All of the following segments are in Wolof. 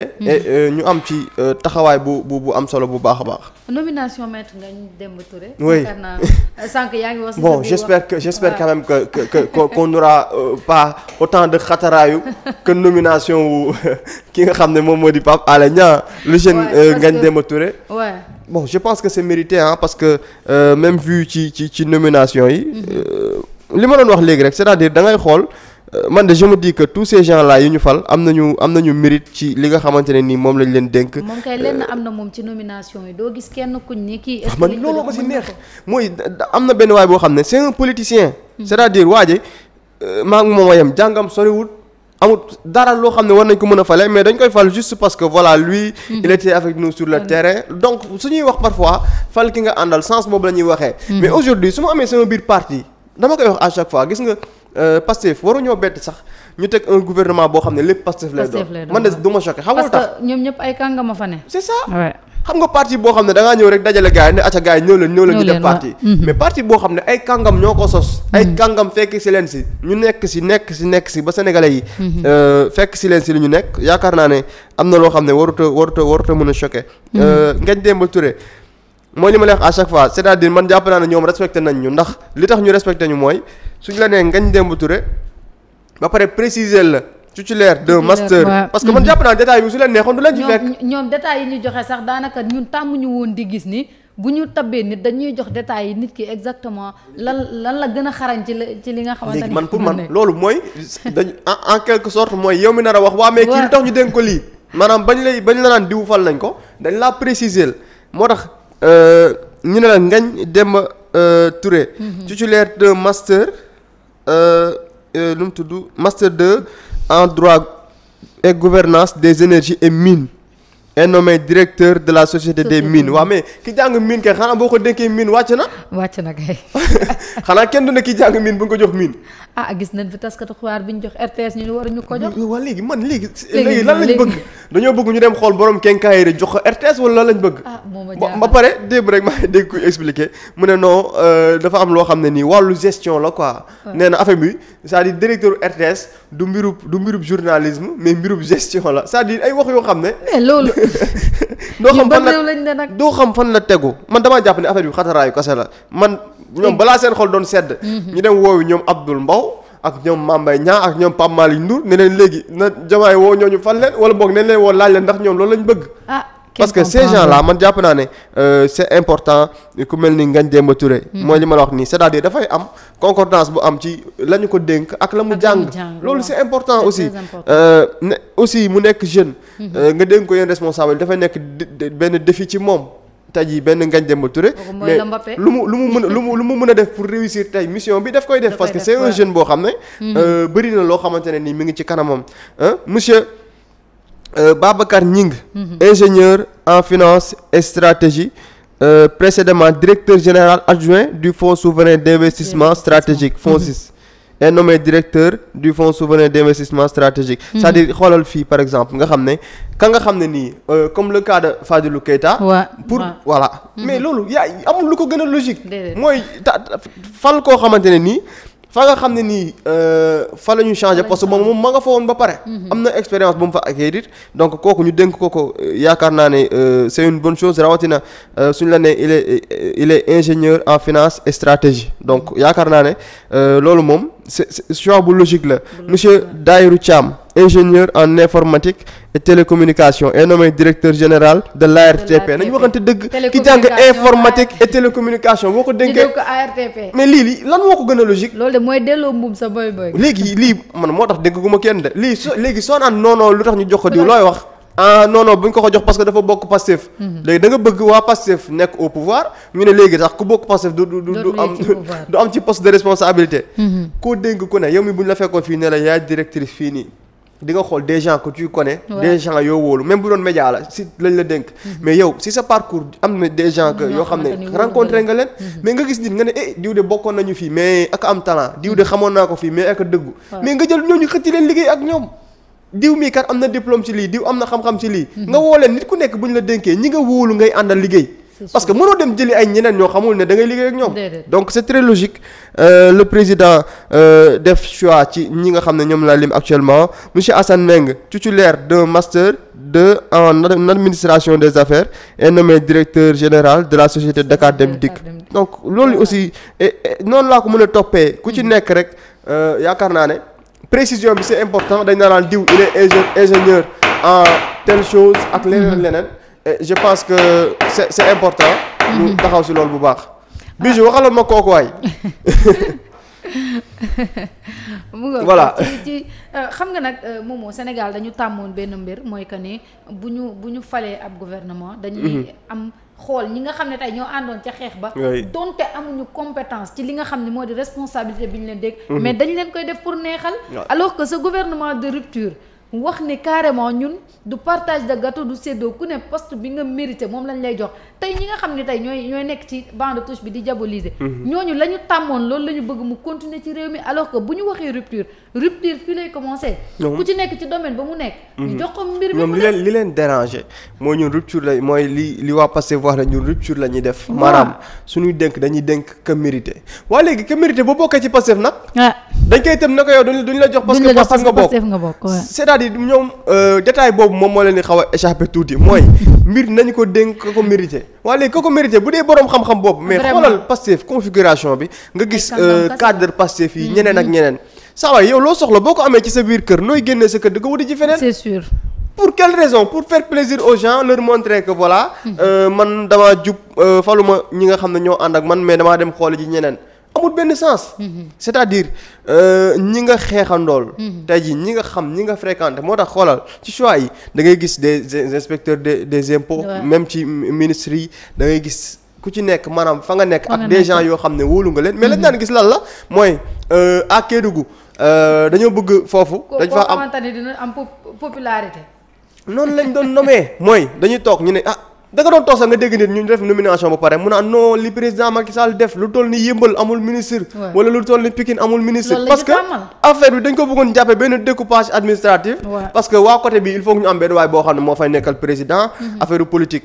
Euh, ñu am ci euh, taxawaay bu bu bu am solo bu baax a baax. nomination maître Ngagne Demba Touré. oui sànq yaa ngi wax. bon j'espère que j'espère quand que que que qu'on n'aura euh, pas autant de xataraayu que nomination wu ki nga xam ne moom moo di Pape Alé Niang le jeune Ngagne Demba Touré. bon je pense que c'est mérité parce que euh, même vu ci ci ci nomination yi. Mm-hmm. li ma doon wax léegi rek c'est-à-dire dangay xool. Euh, man de je me dis que tous ces gens là yu ñu fal am nañu am nañu mérite ci li nga xamante ne nii moom lañ leen dénk. moom kay euh, lenn am na moom ci nomination yi doo gis kenn kuñ ni kii. est ah, man loolu ma si neex mooy am na benn waay boo xam ne c'est un politicien. Hmm. c'est-à-dire waaje euh, maa ngi moom a yem jàngam soriwul. amul dara loo xam ne war nañ ko mën a fale mais dañ koy fal juste parce que voilà lui hmm. il était avec nous sur le hmm. terrain donc su ñuy wax parfois fal ki nga àndal sens boobu la ñuy waxee mais aujourd'hui su ma amee sama biir parti dama koy wax à chaque fois gis nga Euh, Pastef waruñoo bett sax ñu teg un boo xam ne lépp Pastef lay doon man de du ma que ñoom ñëpp ay kàngama fa ne c'est ça xam nga parti boo xam ne da ngaa ñëw rek dajale gars yi ne acca gars yi ñëw leen ñëw leen ñu mhm. xam ne ay kàngam ñoo ko sos ay mhm. kàngam fekk leen si ñu nekk si nekk si nekk si ba sénégalais yi mhm. euh, fekk si leen si li ñu nekk yaakaar naa ne am na loo xam ne waruta waruta waruta mën a choqué euh, Ngagne Demba Touré mooy li ma lay à chaque fois c'est-à-dire man jàpp naa ne ñoom respecté nañ ñu ndax li tax ñu respecté ñu mooy suñ la nee Ngagne Demba ture ba pare préciser la titulaire de master parce que man jàpp naa détail bi su leen neexoon du leen ci fekk. ñoom détail yi ñu joxe sax daanaka ñun tàmmuñu woon di gis ni bu ñu tabbee nit dañuy jox détail yi nit ki exactement lan lan la gën a xarañ ci ci li nga xamante ne man pour man loolu mooy dañ en quelque sorte mooy yow mi nar a wax waa mais kii li tax ñu dénk ko lii maanaam bañ lay bañ la naan diwu fal nañ ko dañ laa préciser moo tax euh, ñu ne la Ngagne Demba euh, Touré mm-hmm. titulaire de master lu euh, euh, mu tudd master de en droit et gouvernance des énergies et mines est nommé directeur de la société des mines waaw mais ki jàng mine kay xanaa boo ko dénkee mine wàcc na. wàcc na kay. xanaa kenn du ne ki jàng mine bu nga ko jox mine. ah gis nañ fi taskatu xibaar bi ñu jox RTS ñu war ñu ko jox. waaw léegi man léegi. lan lañ bëgg dañoo bëgg ñu dem xool borom kenkaay rek jox ko RTS wala lan lañ bëgg. ah ba pare démb rek maa dégg kuy expliqué mu ne non euh, dafa am loo xam ne nii wàllu gestion la quoi. nee na affaire bi c'est-à-dire directeur RTS du mbirub du mbirub journalisme mais mbirub gestion la c'est-à-dire ay wax yoo xam ne. mais loolu. doo xam fan la doo xam fan la tegu man damaa jàpp ne affaire bi xataraayu kase la ñoom balaa seen xol doon sedd. Mhm. ñu dem woowu ñoom Abdoul Mbow ak ñoom Mambay Niang ak ñoom Pape Malick Ndour ne leen léegi na jamaay woo ñooñu fan leen wala boog ne leen woo laaj leen ndax ñoom loolu lañ bëgg. Ah, parce que ces gens là man jàpp naa ne euh, c'est important ku mel ni Ngagne Demba Touré. Mhm. mooy li ma la wax nii c'est-à-dire dafay am concordance bu am ci la ñu ko dénk ak la mu jàng loolu c'est important aussi euh, ne aussi mu nekk jeune mhm. euh, nga dénk ko yenn responsable dafay nekk benn défi ci moom tey jii benn Ngagne Demba Touré mais lu mu lu mu mën lu mu lu mu mën a def pour réussir tey mission bi daf koy def parce que c'est un jeune boo xam ne mhm. euh, bëri na loo xamante ne nii mi ngi ci kanamam monsieur euh, Babacar Gning mhm. ingénieur en finance et stratégie euh, précédemment directeur général adjoint du fonds souverain d'investissement stratégique FONSIS est nommé directeur du fonds souverain d'investissement stratégique. Mhm. c'est-à-dire xoolal fii par exemple nga xam ne ka nga xam ne nii euh, comme le cas de Fadilou wa pour voilà. Mhm. mais loolu yaa amul lu ko gën a logique. mooy ta fal koo xamante ne nii. fa nga xam ne nii euh, fa la ñu changé parce que moom ma nga fa woon ba pare. Mhm. am na expérience bu mu fa acquérir donc kooku ñu dénk ko euh, yaakaar naa ne euh, c'est une bonne chose rawatina suñu la nee il est ingénieur en finance et stratégie donc yaakaar naa ne loolu moom c'est choix bu logique la monsieur Dairou Thiam. ingénieur en informatique et télécommunication et directeur général de l'ARTP nañu waxante dëgg ki jàng informatique et télécommunication boo ko dénkee ARTP mais lii lan moo ko gën a logique léegi lii man moo tax dénk gu ma kenn de lii so léegi soo naan non lu tax ñu jox ko diw looy wax ah non non ko ko jox parce dafa bokk Pastef mhm. léegi bëgg waa Pastef nekk au pouvoir ñu ne léegi sax ku bokk Pastef du du am du am ci poste de responsabilité mhm. koo di nga xool des gens que tu connais. Ouais. des gens yoo wóolu même bu doon média si lañ la dénk. Mhm. mais yow si sa parcours am na des gens que mhm. yoo xam ne rencontré nga leen. Mhm. mais nga gis nit nga ne eh diw de bokkoon nañu fii mais ak am talent diw de xamoon naa ko fii mais ak dëggu. mais nga jël ñooñu xëcc leen liggéey ak ñoom. diw mii kat am na diplôme ci lii diw am na xam-xam ci lii. nga woo nit ku nekk bu ñu la dénkee ñi nga wóolu ngay àndal liggéey. parce que mënoo dem jëli ay ñeneen ñoo xamul ne da ngay liggéey ak ñoom donc c'est très logique euh, le président euh, def choix ci ñi nga xam ne ñoom laa lim actuellement monsieur Assane Meng titulaire d'un master de en administration des affaires est nommé directeur général de la société Dakar Dem Dikk donc loolu aussi noonu laa ko mën a toppee ku ci nekk rek euh, yaakaar naa ne précision bi c'est important dañ naan diw il est ingénieur en telle chose ak leneen mhm. je pense que c'est important. ñu mhm. taxaw si loolu bu baax. bijou waxaloon ma mu waay. voilà ci euh, xam nga nag euh, moomoo Sénégal dañu tàmmoon benn mbir mooy que ne bu ñu bu ñu falee ab gouvernement. dañuy mhm. am xool ñi nga xam ne tey ñoo àndoon ca xeex ba. donte amuñu compétence ci li nga xam ne moo di responsabilité bi ñu leen dégg. Mhm. mais dañu leen koy def pour neexal. alors que sa gouvernement de rupture. wax ni carrément ñun du partage de gâteau du séddoo ku ne poste bi nga mérité moom lañ lay jox tey ñi nga xam ne tey ñooy ñooy nekk ci banc de touche bi di diaboliser. Mhm. ñooñu la ñu tàmmoon loolu la ñu bëgg mu continuer ci réew mi alors que bu ñu waxee rupture rupture fii lay commencé. ku ci nekk ci domaine ba mu nekk. ñu mhm. jox ko mbir mi ñoom li leen li leen déranger mooy ñun rupture la mooy li li waa Pastef wax rek ñun rupture la ñuy def. maanaam suñuy dénk dañuy dénk que mérité. waa léegi que mérité boo bokkee ci c'est-à-dire ñoom détail euh, boobu moom moo leen di xaw a échappé tuuti mooy mbir nañu ko dénk ko ko mérité waa léegi ko ko mérité bu dee boroom xam-xam boobu mais xoolal Pastef configuration bi nga gis euh, cadre Pastef yi mm-hmm. ñeneen ak ñeneen saa waay yow loo soxla boo ko amee ci sa biir kër nooy génne sa kër di ko wuti ci feneen c'est sûr pour quelle raison pour faire plaisir aux gens leur montrer que voilà mm-hmm. euh, man damaa jub faluma ñi nga xam ne ñoo ànd ak man mais damaa dem xool ji ñeneen amul benn sens. c'est-à-dire euh, ñi nga xeexandool. tey jii ñi nga xam ñi nga fréquenté moo tax xoolal ci choix yi dangay gis des inspecteurs des des impôts. même ci ministres yi da gis. ku ci nekk maanaam fa nga nekk ak des gens yoo xam ne wóolu nga leen mais lañ mhm. daan gis lan la mooy euh, à Kédougou euh, dañoo bëgg foofu dañ fa am popularité noonu lañ doon nommé mooy dañuy toog ñu ne ah da nga doon toog sax nga dégg nit ñu def nomination ba pare mu naan non li président Macky Sall def lu toll ni yëmbal amul ministre. wala lu toll ni Pikine amul ministre. parce que affaire bi dañ ko bëggoon jàppee benn découpage administratif. parce que waa côté bi il faut ñu am benn waay boo xam ne moo fay nekkal président. Mm-hmm. affaire politique.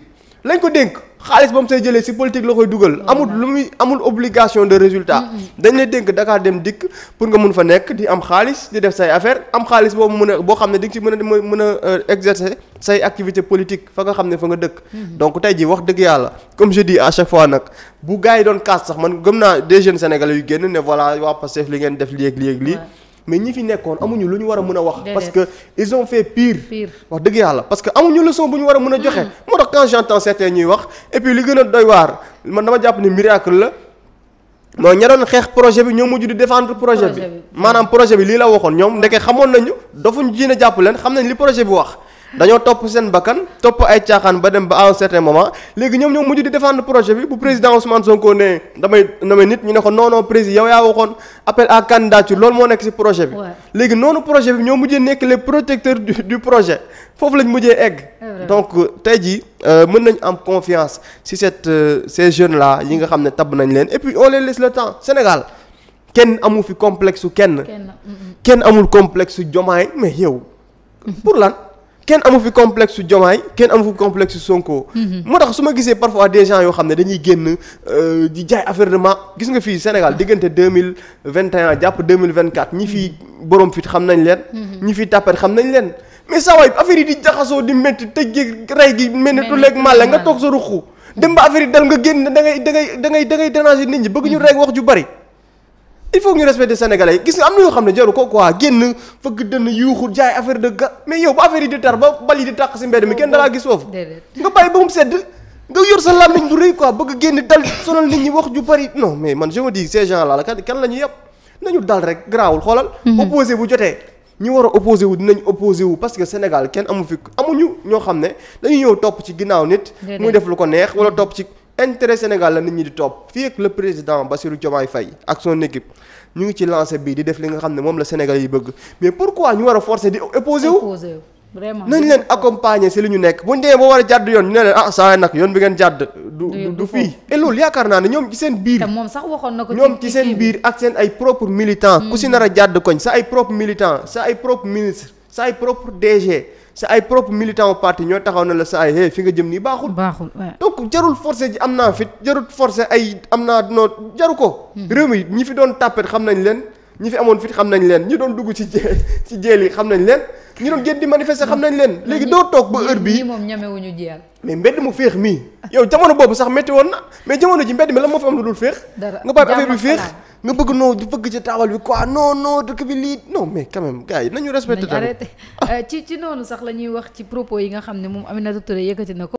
lañ ko dénk xaalis ba mu say jëlee si politique la koy dugal amul lu muy amul obligation de résultat dañ lay dénk Dakar dem dikk pour nga mun fa nekk di am xaalis di def say affaire am xaalis boobu mun a boo xam ne di ci mën a mën a euh, exercer say activité politique fa nga xam ne fa nga dëkk donc tey jii wax dëgg yàlla comme je dis à chaque fois nag bu gars yi doon kaas sax man gëm naa des jeunes sénégal yu génn ne voilà waa Pastef li ngeen def léeg-léeg mais ñi fi nekkoon amuñu lu ñu war a mën a wax parce que ils ont fait pire wax dëgg yàlla parce amuñu amuñu leçon bu ñu war a mën a joxe mm. moo tax quand j'entends certains ñuy wax et li gën a doy waar man dama jàpp ni miracle la mooy ña doon xeex projet bi ñoo mujj di défendre projet bi maanaam projet bi lii la waxoon ñoom ndeke xamoon nañu dofuñ jiin a jàpp leen xam nañ li projet bi wax dañoo topp seen bakkan topp ay caaxaan ba dem ba à un moment léegi ñoom ñoo mujj di défendre projet bi bu président Ousmane Sonko ne damay nommé nit ñu ne ko non non président yow yaa waxoon appel à candidature loolu moo nekk ci projet bi. léegi noonu projet bi ñoo mujjee nekk les protecteurs du projet foofu lañ mujjee egg. donc euh, tey jii euh, mën nañ am confiance ci cette euh, ces jeunes là yi nga xam ne tabb nañ leen et puis on les laisse le temps Sénégal. kenn amul fi complexe su kenn. kenn amul complexe jomaay mais yow. lan. kenn amu fi complexe su Diomaye kenn amu fi complexe su mhm. moo tax su ma gisee parfois des gens yoo xam ne dañuy génn euh, di jaay affaire de ma gis nga fii Sénégal diggante deux mille vingt en un jàpp deux mille vingt quatre ñi fi borom fit xam nañ leen. Mhm. ñi fi tàppet xam nañ leen. mais saa waay affaire yi di jaxasoo di métti tëj gi rey gi mel ne tuleeg màlle nga toog sa ruqu dem ba affaire yi dal nga génn da ngay da ngay da ngay da ngay déranger nit ñi bëgg ñu mhm. rek wax ju bari. il faut ñu respecter sénégalais yi gis nga am na yoo xam ne jaru ko quoi génn fëgg dënn yuuxu jaay affaire de ga mais yow bu affaire yi di tar ba bal yi di tàq si mbedd mi kenn dalaa gis foofu nga bàyyi ba mu sedd nga yor sa làmmiñ bu rëy quoi bëgg génn dal sonal nit ñi wax ju bari non mais man je me dis ces la kan kan la ñu yàpp nañu dal rek garaawul xoolal mhm. opposé bu jotee ñi war a opposé wu dinañ opposé wu parce que Sénégal kenn amu fi amuñu ñoo xam ne dañu ñëw topp ci ginnaaw nit muy def lu ko neex wala topp intérêt Sénégal la nit ñi di topp fii ak le président Bassirou Diomaye Faye ak son équipe ñu ngi ci lancé bii di def li nga xam ne moom la Sénégal yi bëgg mais pour pourquoi ñu war a forcer di opposé wu vraiment nañ leen accompagner si li ñu nekk bu ñu demee ba war a jàdd yoon ñu ne leen ah saa nag yoon bi ngeen jàdd. du du fii et loolu yaakaar naa ne ñoom ci seen biir. moom sax waxoon na ko ñoom ci seen biir ak seen ay propre militant ku si mm. nar a jàdd koñ sa ay propre militant sa ay propre ministre sa ay propre DG. sa ay propre militant au ñoo taxaw na la sa ay fi nga jëm nii baaxul. baaxul donc jarul forcé ji am naa fit jarul forcé ay am naa noo jaru ko. Hmm. réew mi ñi fi doon tàppet xam nañ leen ñi fi amoon fit xam nañ leen ñi doon dugg ci jé ci jéel yi xam nañ leen. ñi doon génn di manifester xam nañ leen léegi doo toog ba heure bii moom ñemewuñu jiyal mais mbedd mu féex mii yow jamono boobu sax métti woon na mais jamono ji mbedd mi la moo fi am lu dul féex nga bàyyi affaire bi féex nga bëgg noo di bëgg ci taawal bi quoi non non dëkk bi lii non mais quand même gars yi nañu respecté tamit euh, ci ci noonu sax la ñuy wax ci propos yi nga xam ne moom Aminata Touré yëkkati na ko